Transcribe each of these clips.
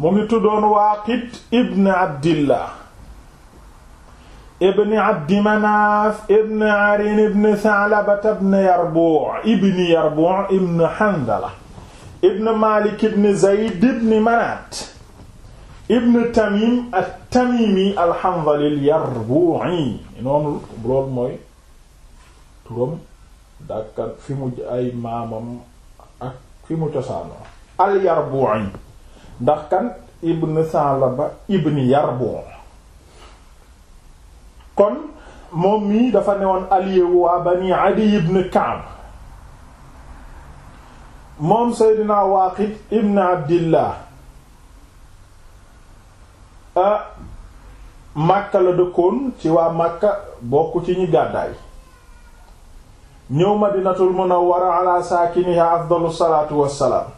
mu ngi tuddoon waaqit ibn abdillah ibn abdi manaaf ibn arin ibn sa'laba ibn yarbu' ibn yarbu' ibn handala ibn malik ibn zayd ibn manaat ibn tamim at-tamimi al-hanzali al-yarbu'i noonu loolu mooy turam dàkkat fi mu ay maamam ak fi mu cosaanoo al-yarbu'i ndax kan ibn Salaba ibn Yarbon kon moom mii dafa newoon allié wu waa Bani Adi ibn Ka'b moom Seydina Waaqid ibn Abdillah a ah, Makka la dëkkoon ci waa Makka bokk ci ñi gàddaay ñëw Madinatul Munawwara ala saakiniha afdalu salaatu wassalaam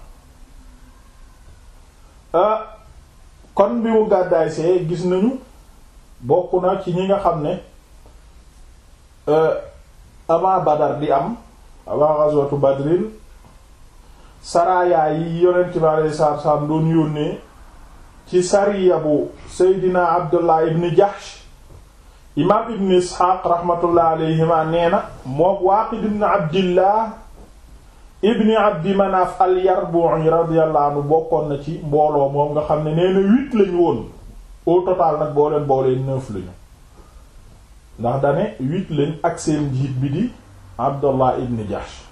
Ah, kon bi mu gàddaay see gis nañu bokk na ci ñi nga xam ne ah, avant badar di am avant ghazwatu badrin saraayaa yi yonent bi alayhi salaatu salaam doon yónnee ci sariya bu seydina abdullah ibn jahsh imaam ibn isxaaq rahmatullah alayhima nee na mook waaqid ibn abdillah ibni abdi manaaf al yarbu'i radiyallahu bokkoon na ci mbooloo moom nga xam ne nee na huit lañu woon au total nag boo leen boolee neuf lañu ndax dane huit lañ ak seen njiit bi di abdullah ibn jahsh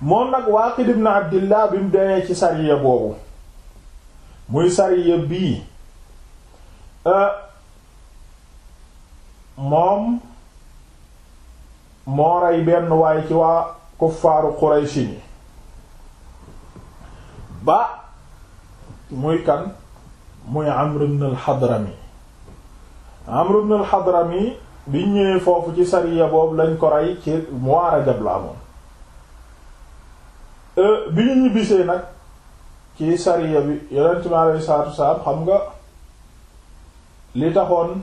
moom nag waaqid ibn abdillah bi mu demee ci sariya boobu muy sariya bii euh, moom moo rey benn waaye ci waa kuffaaru Qurayshi ni ba muy kan muy Amr ibn al-Hadrami Amr ibn al-Hadrami bi ñëwee foofu ci sariya boobu lañ ko rey ci mois Rajab la e, bi ñu ñibbisee nag ci sariya bi yonent mi alayhi xam nga li taxoon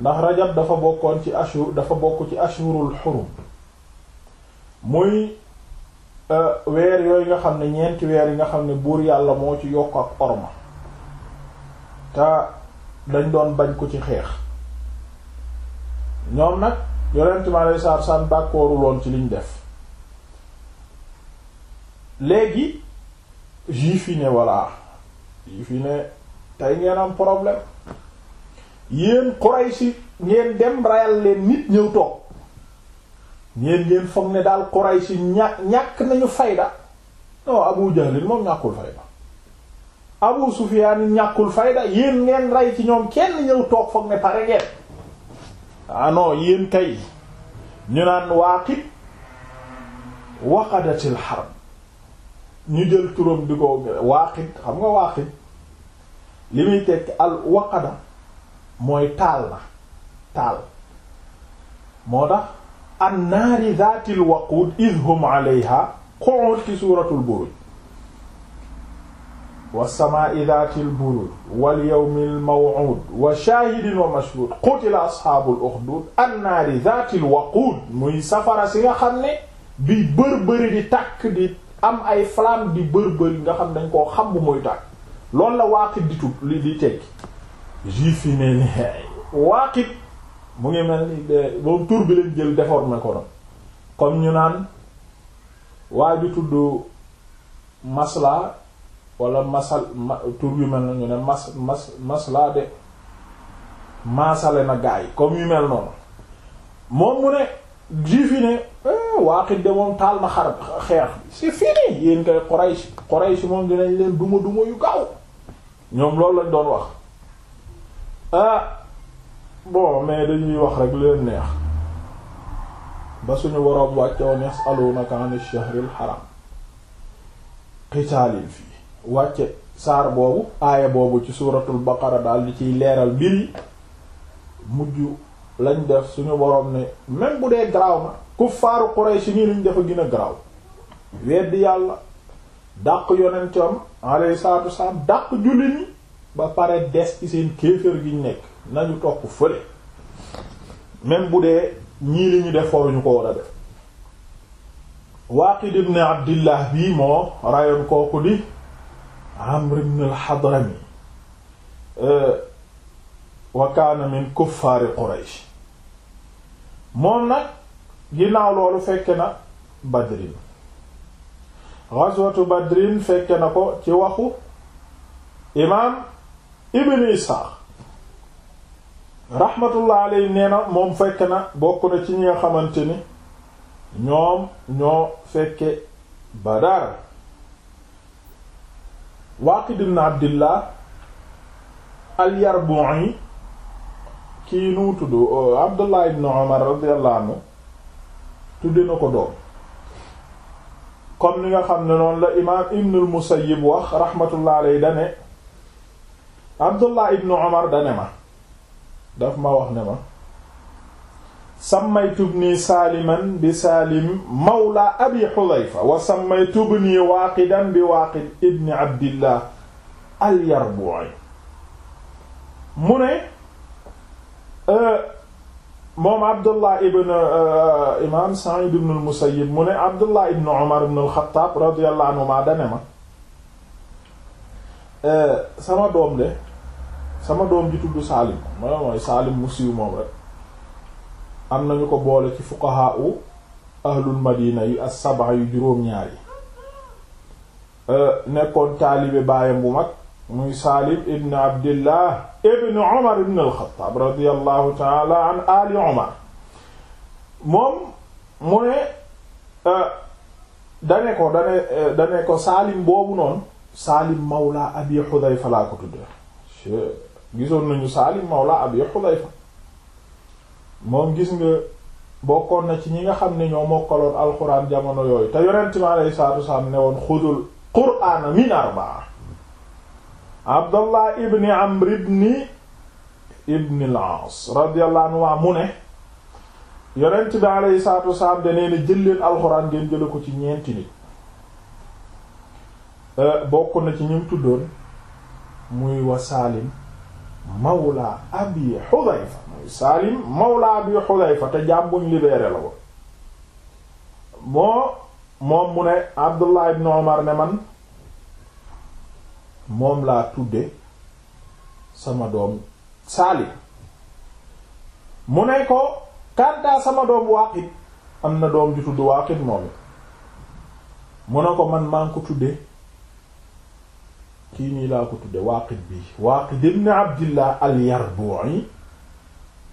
ndax Rajab dafa bokkoon ci ashur dafa bokk ci ashurul xurum muy euh, weer yooyu nga xam ne ñeenti weer yi nga xam ne buur yàlla moo ci yokk ak orma te dañ doon bañ ko ci xeex ñoom nag yonent mi aleyhi salaatu salaam d'accordul woon ci liñ def léegi juif yi ne voilà juif yi ne tey ngeen am problème yéen Quraysh ngeen dem rayal leen nit ñëw toog ñeen ngeen foog ne daal Quraysh ñàkk ñàkk nañu fayda non Abu Jahl moom ñàkkul fayda Abu Sufyaan ñàkkul fayda yéen ngeen rey ci ñoom kenn ñëw toog foog ne pare ngeen ah yéen kay ñu naan waaqit waqadatil harb ñu jël turam di ko waaqit xam nga waaqit li muy tekk al waqada mooy taal na taal moo tax an naari zaatil waquud wa samaa'i zaatil buruj wal yawmil maw'uud wa shaahidin safara si nga xam ne bi di tàkk am ay flamme di bërbëri nga xam dañ koo xam bu muy tàkk loolu la waaqit di tub li di tekki juif yi ne waaxit mu ngi mel ni boobu tur bi lañ jël déformé ko na comme ñu naan waa ju tudd masla wala masal tur bi mel na ñu ne mas mas masla de maasale na gaa yi comme yu mel noonu moom mu ne juif ne eh, waaqit de moom taal na xar xeex bi c'est fini yéen kay Quraysh Quraysh moom dinañ leen duma duma yu gaaw ñoom loolu lañ doon wax ah, bon mais dañuy wax rek lu leen neex ba suñu waroon wàccoon yasalunaka an ash-shahril haram qitaalin fii wàcce saar boobu aaya boobu ci suuratul baqara daal di ciy leeral mbir yi mujj lañ def suñu borom ne même bu dee garaaw na kuffaaru Quraysh nii lañ def a gën a garaaw weddi yàlla dàq yonentam alayhi salaatu wasalaam dàq julli ni ba pare des ci seen kéefër gi ñu nekk nañu toog fële même bu dee ñii li ñu def foofu ñu ko war a def Waaqid ibn Abdillah bii moo rayoon kooku di Amr ibn al-Hadrami wa kaana min kuffaari Quraysh moom nag ginnaaw loolu fekke na Badrin ghazwatu Badrin fekke na ko ci waxu imaam Ibn Isaaq rahmatullah alay nee na moom fekk na bokk na ci ñi nga xamante ni ñoom ñoo fekke Badar Waaqid ibn Abdillah al-Yarbu'i kii nu tudd Abdullah ibn Umar radiyallahu anhu tudde na ko doom comme ni nga xam ne noonu la imaam Ibn al-Musayyib wax rahmatullah alay dane Abdullah ibn Umar dane ma daf ma wax ne ma sammaytubni saaliman bi saalim mawla abi xudayfa wa sammaytubni waaqidan bi waaqid ibni abdillah alyarbu'i mu ne moom abdullah ibn imam sa'id ibn al-musayyib mu ne abdullah ibn umar ibn al-khattab radiyallahu anhuma dane ma sama doom de sama doom ji tudd Saalim mooy mooy Saalim mu moom rek am nañu ko boole ci fuqahaa u ahlul madina yi ak sabaa yu juróom-ñaar yi nekkoon taalibe baayam bu mag muy Saalim ibn Abdillah ibn Umar ibn al-Khattab radiyallahu ali Umar moom mu ne dane ko dane dane ko Saalim boobu noonu Saalim mawla Abi Hudayfa laa ko tudde gisoon nañu Saalim mawla Abi Hudayfa moom gis nga bokkoon na ci ñi nga xam ne ñoo mokkaloon alxuraan jamono yooyu te yonent mi alayhi salaatu wasalaam ne woon xudul qur'aana min arba'a Abdallah ibni Amr ibni ibni al-Aas radiyallahu anhu mu ne yonent bi alayhi salaatu wasalaam da nee jël leen alxuraan ngeen ko ci ñeenti nit eh, bokk na ci ñim tuddoon muy wa Saalim mawla abi xudayfa mooy saalim mawla abi xudayfa te jàmbuñ libéré la ko moo moom mu ne abdullah ibn omar ne man moom laa tudde sama doom saalim mu ne ko kàntaa sama doom waaqit am na doom ju tudd waaqit moom it mu ne ko man maa ngi ko tudde kii nii laa ko tudde Waaqid bi Waaqid ibn Abdillah al-Yarbu'i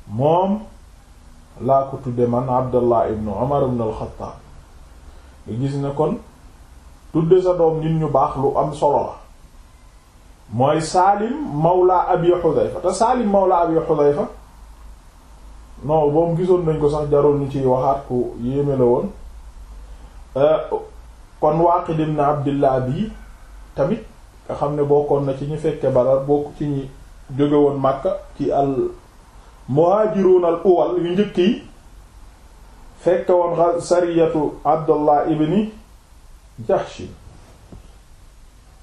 moom laa ko tudde man Abdallah ibn Umar ibn al nga gis ne kon tudde sa doom nit ñu baax lu am solo la mooy Saalim mawla Abi Hudhayfa te Saalim mawla Abi Hudhayfa non boobu gisoon nañ ko sax jarul ñu ciy waxaat ku yéeme la woon euh, kon Waaqid ibn Abdillah bi tamit nga xam ne bokkoon na ci ñi fekke Badar bokk ci ñi jóge Makka ci al muhajirun al awwal yu njëkk yi fekke woon sariyatu Abdullah ibni Jahsh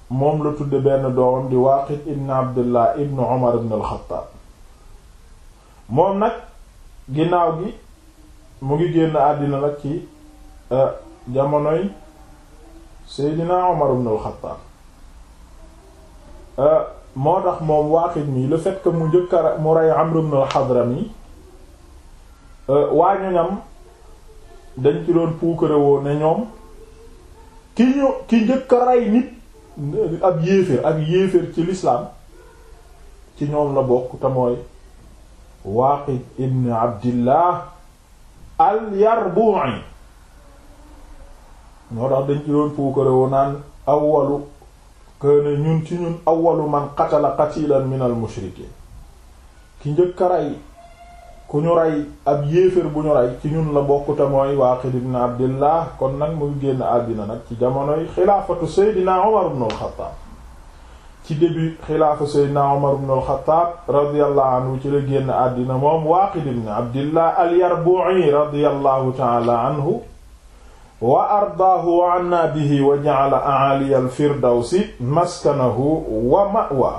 moom la tudde benn doomam di Waaqid ibn Abdullah ibn Umar ibn al moom nag ginnaaw gi mu ngi génn àddina nag ci eh, jamonoy Seydina Umar ibn al Euh, moo tax moom Waaqid mii le fait que mu njëkka mu rey Amr ibn al-Hadrami euh, waa ñoñam dañ ci doon puukarewoo ne ñoom ki ñu ki njëkka rey nit ab yéeféer ak yéeféer ci lislaam ci ñoom la bokk te mooy Waaqid ibn Abdillah al-Yarbu'i moo tax dañ ci doon puukarewoo naan awwalu këne ñun ci ñun awwalu man qatala qatilan min al mushrikiin ki njëkk a rey ku ñu rey ab yéeféer bu ñu rey ci ñun la bokk te mooy Waaqid ibn Abdillah kon nag mu génn àddina nag ci jamonoy xilaafatu Seydina Umar ibn al-Khattab ci début xilaafa Seydina Umar ibn al-Khattab radiyallahu anhu ci la génn àddina moom Waaqid ibn Abdillah al-Yarbu'i radiyallahu ta'ala anhu wa ardaahu wa anna bihi wa ja'ala a'ali al-firdawsi maskanahu wa ma'wa